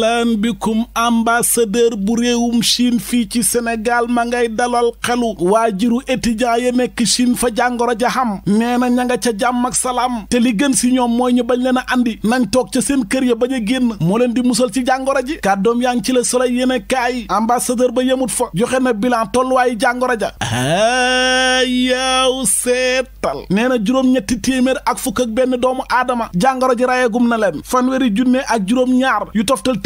ahlan bikum ambassadeur bu réewum Chine fii ci Sénégal ma ngay dalal xelu waajuru étudiant ya nekk Chine fa jàngoro ja xam nee na ña nga ca jàmm ak salaam te li gën si ñoom mooy ñu bañ leen a andi nañ toog ca seen kër ya bañ a génn moo leen di musal ci jàngoro ji kàddoom yaa ngi ci la Soleil yéene kaay ambassadeur ba yemut fa joxe na bilan tolluwaayu jàngoro ja yaaw seetal nee na juróom-ñetti téeméer ak fukk ak benn doomu aadama jàngoro ji rayegum na leen fanweeri junne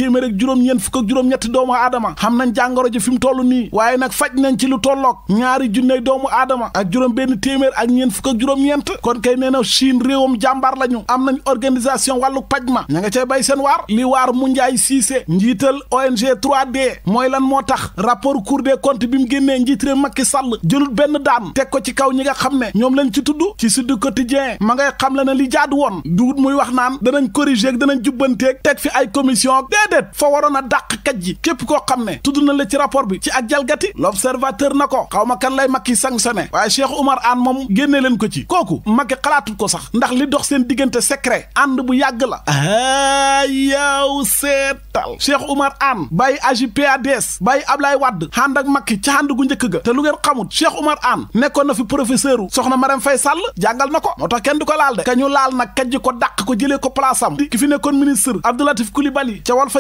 téeméer ak juróom-ñeent fukk ak juróom-ñetti doomu aadama xam nañ jàngoro ji fi mu toll nii waaye nag faj nañ ci lu tolloog ñaari junney doomu aadama ak juróom benn téeméer ak ñeent fukk ak juróom-ñeent kon kay nee na Chine réewam jàmbaar lañu am nañ organisation wàllu paj ma ña nga cay bay seen waar li waar mu njaay siise njiital ONG 3D mooy lan moo tax rapport Cour des comptes bi mu génnee njiit réew Macky Sall jëlul benn daan teg ko ci kaw ñi nga xam ne ñoom lañ ci tudd ci Sud Quotidien ma ngay xam le ne li jaadu woon duut muy wax naan danañ corriger danañ jubbanteeg teg fi ay commission déedéet fa waroon a dàq kaj ji képp koo xam ne tudd na la ci rapport bi ci ak jalgati l'observateur na ko xaw ma kan lay Macky sanctionné waaye Cheikh Oumar Anne moom génnee leen ko ci kooku Macky xalaatul ko sax ndax li dox seen diggante secret ànd bu yàgg la a ah, yaaw seetal Cheikh Oumar Anne bàyyi AJ/PADS bàyyi Ablaye Wade ànd ak Macky ca ànd gu njëkk ga te lu ngeen xamul Cheikh Oumar Anne nekkoon na fi professeur u soxna Marème Faye Sall jàngal na ko moo tax kenn du ko laal de ñu laal nag kaj ji ko dàq ko jëlee ko place am ki fi nekkoon ministre Abdou Latif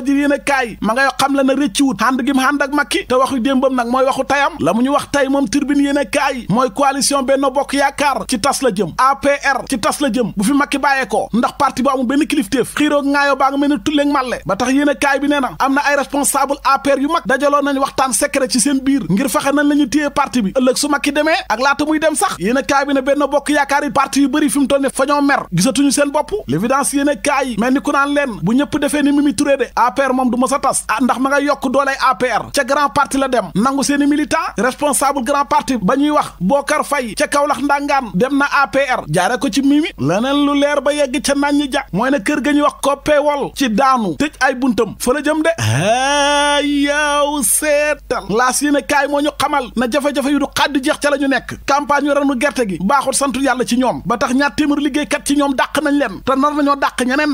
Walfadjri yéen a kaay ma ngay xam le na rëcciwut ànd gi mu ànd ak Macky te waxu démbam nag mooy waxu tayam la mu ñu wax tey moom turbine yéen a kaay mooy coalition Benno Bokk Yaakaar ci tas la jëm APR ci tas la jëm bu fi Macky bàyyeekoo ndax parti bu amul benn kilifteef xiiroog ŋaayoo baa nga mel ni tulleeg màlle ba tax yéen kaay bi nee na am na ay responsable APR yu mag dajaloo nañ waxtaan secret ci seen biir ngir fexe nañ la ñu téye parti bi ëllëg su Macky demee ak laata muy dem sax yéen a kaay bi ne Benno Bokk Yaakaar yi parti yu bëri fi mu toll ne fa ñoo mer gisatuñu seen bopp l'évidence yéen kaay mel ni ku naan leen bu ñëpp defee ni Mimi de APR moom du ma sa tas ah ndax ma nga yokk doolay APR ca grand parti la dem nangu seeni militant responsable grand parti ba ñuy wax Bokar Fay ca Kaolack ndangaan dem na APR jaare ko ci Mimi leneen lu leer ba yegg ca naan ñi ja mooy ne kër ga ñuy wax koppeewol ci daanu tëj ay buntam fa la jëm de a yow seetal laas yéene kaay moo ñu xamal na jafe-jafe yu du xaddu jeex ca la nekk campagne yu ranu gerte gi baaxul santu yàlla ci ñoom ba tax ñaar téeméer liggéeykat ci ñoom dàq nañ leen te nar nañoo dàq ñeneen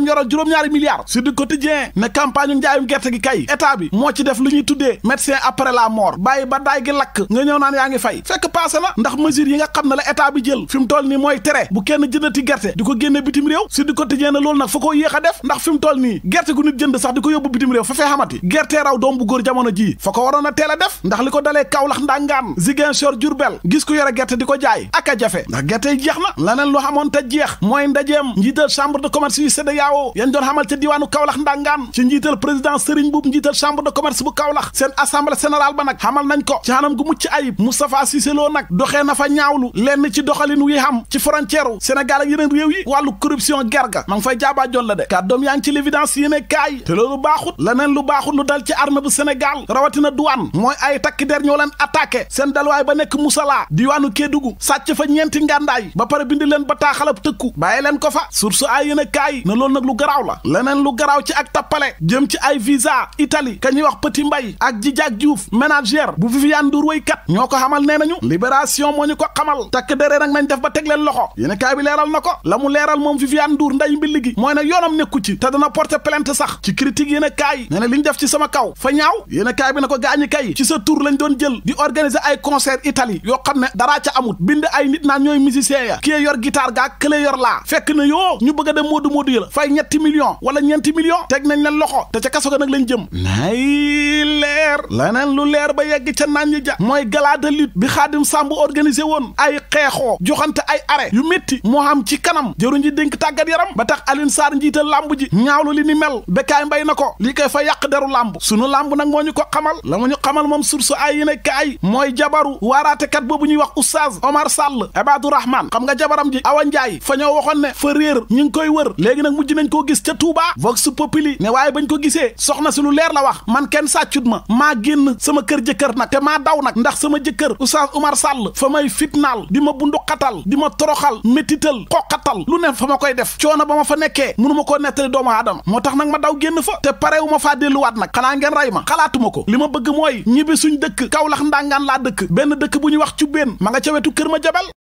nag milliards sur du quotidien ne campagne njaayum gerte gi kay état bi moo ci def lu ñuy tuddee médecin après la mort bàyyi ba daay gi lakk nga ñëw naan yaa ngi fay fekk passé na ndax mesure yi nga xam ne la état bi jël fi mu nii mooy tere bu kenn jëndati gerte di ko génne bitim réew sur du quotidien ne loolu nag fa koo yéex a def ndax fi mu nii gerte gu nit jënd sax di ko yóbbu bitim réew fa fee xamati gerte raw doom bu góor jii fa ko waroon a teel ca diwaanu Kaolack ndangaan ci njiital président Serigne Mboup njiital chambre de commerce bu Kaolack seen assemblée générale ba nag xamal nañ ko ci anam gu mucc ayib Moustapha Cissé Lo nag doxee na fa ñaawlu lenn ci doxalin wi xam ci frontière Sénégal ak yeneen réew yi wàllu corruption gerga ma ngi fay jaabaa joon la de kàddoom yaa ngi ci l'évidence yéene kaay te loolu baaxut leneen lu baaxut lu dal ci armée bu Sénégal rawatina douane mooy ay takki der ñoo leen attaqué seen dalwaay ba nekk Moussala diwaanu Kédougou sàcc fa ñeenti ngàndaay ba pare bindi leen bataaxalab tëkku bàyyi leen ko fa source ay yéene kaay na loolu nag lu garaaw la leneen lu garaaw ci ak tappale jëm ci ay visa itali ka ñuy wax Petit Mbay ak Djidiack Diouf ménagère bu Viviane Ndour kat ñoo ko xamal nee nañu libération moo ñu ko xamal takk dere nag nañ def ba teg leen loxo yéen kaay bi leeral na ko la mu leeral moom fi fi Ndour nday mbilli gi mooy ne yoonam nekku ci te dana porter plainte sax ci critique yéen kaay nee na li ñu def ci sama kaw fa ñaaw yéen kaay bi na ko gaañi kay ci sa tour lañ doon jël di organiser ay concert Italie yoo xam ne daraa ca amut bind ay nit naan ñooy musicien yor guitare gaa kële yor laa fekk na yoo ñu bëgg dem moodu moodu yi la fay ñetti millions wala ñeenti million teg nañ leen loxo te ca kaso ga nag lañ jëm nay leer laneen lu leer ba yegg ca naan ñi ja mooy galaa de lutte bi xaadim sàmb organisé woon ay xeexoo joxante ay arrêt yu métti moo xam ci kanam jëruñ ji dénk tàggat yaram ba tax Alioune Sarr njiital làmb ji ñaawlu li ni mel Bécaye Mbaye na ko lii koy fa yàq deru làmb nu làmb nag moo ñu ko xamal la ma ñu xamal moom source ay yi ne kaay mooy jabaru waaraatekat boobu ñuy wax oustaz Omar Sall Abadou Rahman xam nga jabaram ji Awa Ndiaye fa ñoo ñu ngi koy wër léegi nag mujj nañ koo gis Touba Vox Populi ne waaye bañ ko gisee soxna si lu leer la wax man kenn sàccut ma maa génn sama kër jëkkër nag te maa daw nag ndax sama jëkkër Oustaz Oumar sàll fa may fitnaal di ma bunduxatal di ma toroxal métital xoqatal lu ne fa ma koy def coono ba ma fa nekkee mënuma ma koo nettali doomu aadama moo tax nag ma daw génn fa te parewu ma faa delluwaat nag xanaa ngeen rey ma xalaatuma ko li ma bëgg mooy ñibbi suñ dëkk Kawlax ndàngaan laa dëkk benn dëkk bu ñuy wax cubbeen ma nga ca kër ma jabal